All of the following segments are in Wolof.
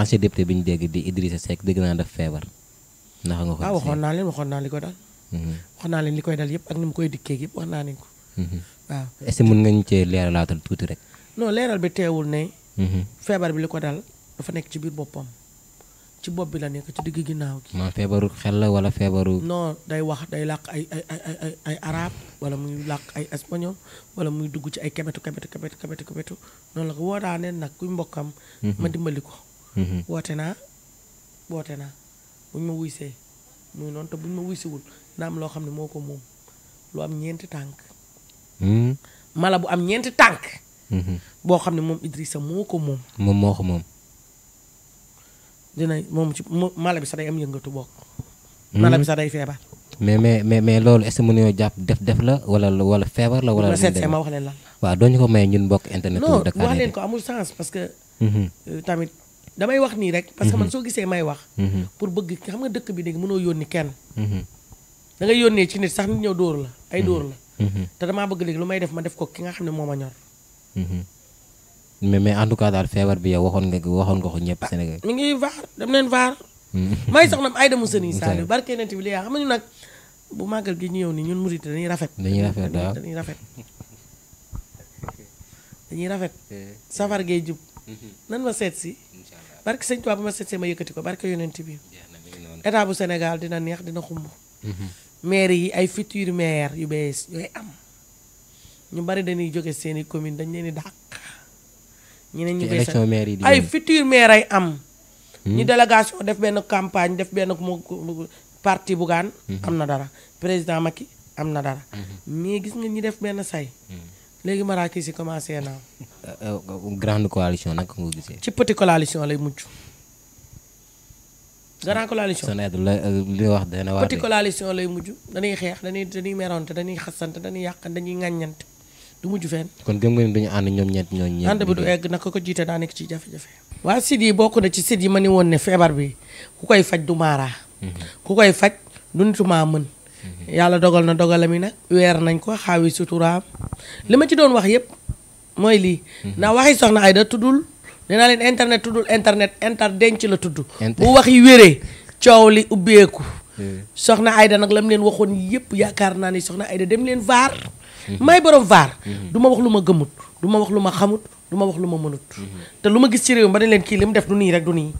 ancien député bi ñu dégg di Idrissa Seck dégg naa def feebar. ndax nga ah, waxoon naa leen waxoon naa li ko dal. Mhm. wax naa leen li koy dal yëpp ak ni mu koy dikkee yëpp wax naa leen ko. Mhm. waaw est ce cee leeralaatal tuuti rek. non leeral bi teewul ne. Mhm. feebar bi li ko dal dafa nekk ci biir boppam. ci bopp bi la nekk ci digg ginnaaw gi. ma feebaru xel la wala feebaru. non day wax day làkk ay ay arab wala muy làkk ay espagnol wala muy dugg ci ay kebetu kebetu kebetu kebetu kebetu noonu la ko woo daa neen nag kuy mbokkam. ma dimbali ko. Mm-hmm. woote naa woote naa buñ ma wuysee muy noonu te buñ ma wuysiwul na am loo xam ne moo ko moom lu am ñeenti tànk mm-hmm. mala bu am ñeenti tànk mm-hmm. boo xam ne moom Idrissa ko moom moom moo ko moom dina moom ci mala bi sa day am yëngatu bokk mala bi sax day feebar mais mais mais mais loolu est-ce jàpp def def la wala wala feebar la. wala la seet ma wax leen la. waaw doo ñu ko mayee ñun bokk internet. non wax leen ko amul sens parce que. Euh, tamit damay wax nii rek. parce que man mhm. soo gisee may wax. Mhm. pour bëgg xam nga dëkk bi léegi mënoo yónni kenn. Mhm. da nga yónnee ci nit sax nit ñëw dóor la ay dóor la. te damaa bëgg léegi lu may def ma def ko ki nga xam ne moo ma ñor. mais mais en tout cas daal feebar bi yow waxoon nga waxoon nga ko ñëpp Sénégal. mi ngi vaar dem leen vaar. may soxna am ay dem sëni Saliou barke nent bi li yaa xam ñu nag bu màggal gi ñëw nii ñun murit dañuy rafet. dañuy rafet waaw dañuy rafet. dañuy rafet. Eh. safar gee jub. nan ma seet si. barke sëñ Tuubaa ba ma seet ma yëkkati ko barke yonent bi état bu Sénégal dina neex dina xumb mhm. maire yi ay futur maire yu bees yooyu am ñu bari dañuy jóge seeni commune dañ leen di dàq ñeneen ñu bees ay futur maire ay am mhm. ñu délégation def benn campagne def benn partie parti bugaan mhm. am na dara président Macky am na dara mais gis nga ñi def benn say léegi maraakis yi commencé naa. Euh, euh, grande coalition nag nga gisee. ci petite coalition lay mujj grande coalition sonate la li wax dana waa petite coalition lay mujj dañuy xeex dañuy dañuy merante dañuy xasante dañuy yàq dañuy ŋàññante du mujj fenn. kon gëm nga ni dañu ànd ñoom ñett ñooñu ñeent. ànd bi du egg naka ko jiite daa nekk ci jafe-jafe. waa sid yi bokk na ci sid yi ma ni woon ne feebar bi ku koy faj du maaraa. Mhm. ku koy faj du nitu maa mën. Mm-hmm. yàlla dogal na dogalam yi nag weer nañ ko xaawi suturaam li ma ci doon wax yëpp mooy lii mm-hmm. ndax waxi soxna Aida tuddul dinaa leen internet tuddul internet inter denc la tudd bu wax yi wéree coow li ubbeeku soxna ayda nag lam leen waxoon yëpp yaakaar naa ni soxna Aida dem leen vaar mm-hmm. may borom vaar du ma wax lu ma gëmut du ma wax lu ma xamut du ma wax lu ma mënut te lu ma gis ci réew mi ba ne leen kii li mu def du nii rek du nii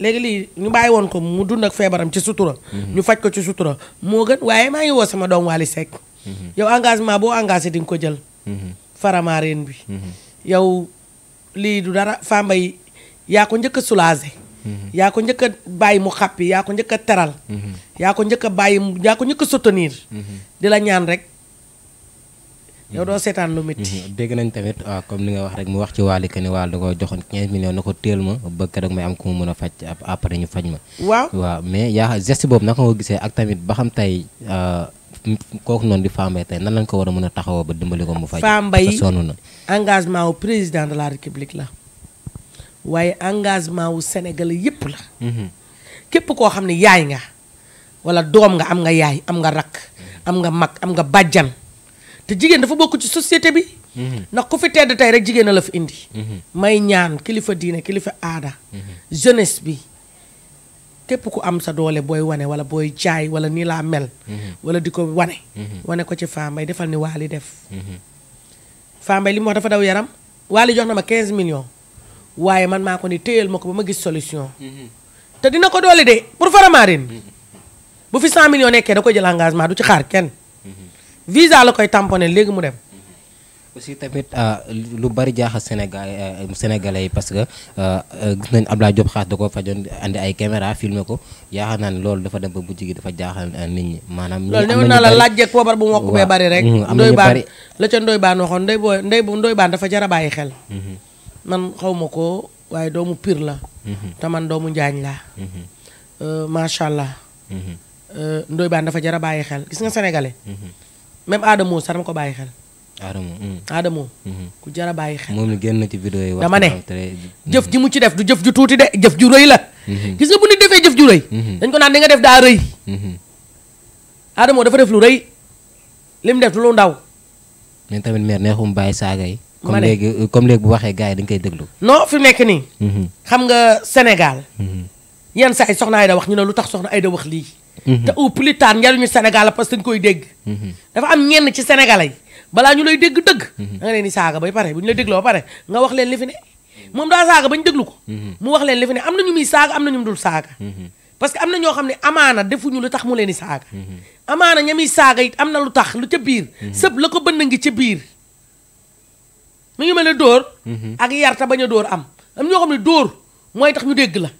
léegi lii ñu bàyyi woon ko mu dund ak feebaram ci sutura. Mhm. ñu faj ko ci sutura moo gën waaye maa ngi woo sama doom Wally Seck. Mhm. yow engagement boo engagé di ko jël. Mhm. faramareen bi. yow lii du dara Famba yi yaa ko njëkk a soulagé. yaa ko njëkk bàyyi mu xàppi yaa ko njëkk teral. yaa ko njëkk bàyyi yaa ko njëkk a soutenir. di la ñaan rek. yow doo seetaan lu métti. Mhm. dégg nañ tamit ah, comme ni nga wax rek mu wax ci Wally que ni Wally ko joxoon 15 millions ko téel ma ba keroog may am ku ma mën a ñu faj ma. waaw waaw mais yaa geste boobu naka ko gisee ak tamit ba xam tey ah, kooku noonu di Fambaye tey nan lañ ko war a mën a taxawoo ba dimbali ko mu faj. Fambaye sonn na engagement wu président la république la waaye engagement wu Sénégal yëpp la. Mhm. képp koo xam ne yaay nga wala doom nga am nga yaay am nga rakk am nga mag am nga bàjjan. te jigéen dafa bokk ci société bi. Mhm. ndax ku fi tedd tey rek jigéen a la fi indi. Mhm. may ñaan kilifa diine kilifa aada. Mhm. jeunesse bi képp ku am sa doole booy wane wala booy jaay wala nii laa mel. wala di ko wane. wane ko ci Fambaye defal ni Waly def. Fambaye li mu wax dafa daw yaram Waly jox na ma 15 millions waaye man maa ko ni téyel ma ko ba ma gis solution. te dina ko doole de pour Faramareen. bu fi 100 millions nekkee da koy jël engagement du ci xaar kenn. visa la koy tamponné léegi mu dem. aussi tamit euh, lu bari jaaxal Sénégal euh, yi parce que euh, gis nañ Abdoulaye Diop Khass da ko fajoon andi ay caméra filmer ko yaakaar naa ne loolu dafa dem ba bu gi dafa jaaxal nit ñi maanaam. loolu néew naa la laajteeg poobar bu mokk bee bari rek. Mm, am na ñu bari la ca Ndoye Bane waxoon Ndoye booy Ndoye Ndoye Bane dafa jar a bàyyi xel. Mm-hmm. man xaw ma ko waaye doomu Pire la. Mm-hmm. te man doomu Njaañ laa. Mm-hmm. macha allah. Ndoye Bane dafa jar a bàyyi xel gis nga même Adamo sax ko bàyyi xel. Adamo. Mm. Adamo. Mm-hmm. ku jara a bàyyi xel. moom génn ci vidéo yi. dama ne mm-hmm. jëf ji mu ci def du jëf ju tuuti de jëf ju rëy la. Mm-hmm. gis nga bu nit defee jëf ju rëy. dañ ko naan di nga def daa rëy. dafa def lu rëy li mu def lu ndaw. mais tamit meer neexum bàyyi saaga yi. comme léegi comme léegi bu waxee gars yi dañ koy déglu. no fi nekk nii. xam nga Sénégal. yan saa yi soxna Aida wax ñu ne lu tax soxna Aida wax lii. Mm-hmm. te au plus tard njariñu Sénégal la parce que koy dégg. Mm-hmm. dafa am ñenn ci sénégalais yi balaa ñu lay dégg dëgg. da mm-hmm. nga leen di saaga bay pare bu ñu la dégloo ba pare nga wax leen li fi ne moom daa saaga bañ ko. mu wax leen li fi ne am na ñu muy saaga am na ñu dul parce que am na ñoo xam ne amaana defuñu lu tax mu leen di saaga. amaana ña muy saaga it am na lu tax lu ca biir. sëb la ko bënn ngi ca biir. mu ngi mel ne dóor. ak yarta bañ a am am xam ne dóor mooy tax ñu dégg la.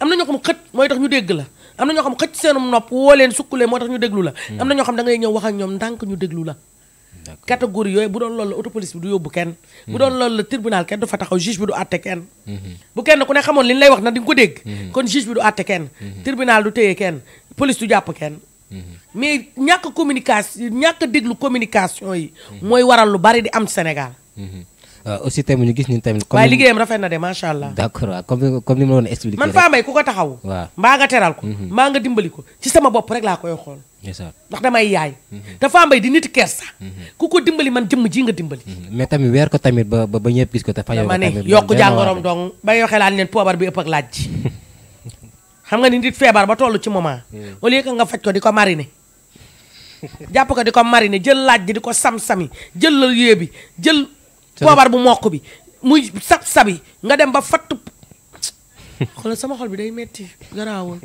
am na ñoo xam ne mooy tax ñu dégg la am na ñoo xam xëcc seenum nopp woo leen sukkulee moo tax ñu déglu la hmm. am na ñoo xam da ngay ñëw ak ñoom ndànk ñu déglu la catégorie yooyu bu doon lool la autopolice bi du yóbbu kenn bu doon hmm. loolu la tribunal kenn du fa taxaw juge bi du àtte kenn hmm. ku ne xamoon li ñu lay di ko dégg kon juge bi du àtte kenn tribunal du téye kenn police du jàpp kenn mais ñàkk communication ñàkk lu communication yi mooy waral lu bari di am Sénégal waaw euh, aussi tamit ñu gis ñun tamit. comme waaye liggéeyam rafet na de macha allah. d' accord waaw comme man faa may ku ko taxaw. waaw mbaa nga teral ko. Mhm. mbaa nga dimbali ko ci sama bopp rek laa koy xool. ndax damay yaay mhm. dafa bay di nit kersa mhm. ku ko dimbali man jëmm ji nga dimbali mais tamit weer ko tamit ba ba ñëpp gis ko te fajoo ma ne yokk jàngoroom dong ba yoxe laan leen poobar bi ëpp ak laaj ji xam nga ni nit feebar ba toll ci moment au nga faj ko di ko mariner jàpp ko di ko mariner jël laaj ji di ko sam-sami jël la bi jël war bu mokk bi muy sab sabi nga dem ba fatt xoolal sama xol bi day metti garaawul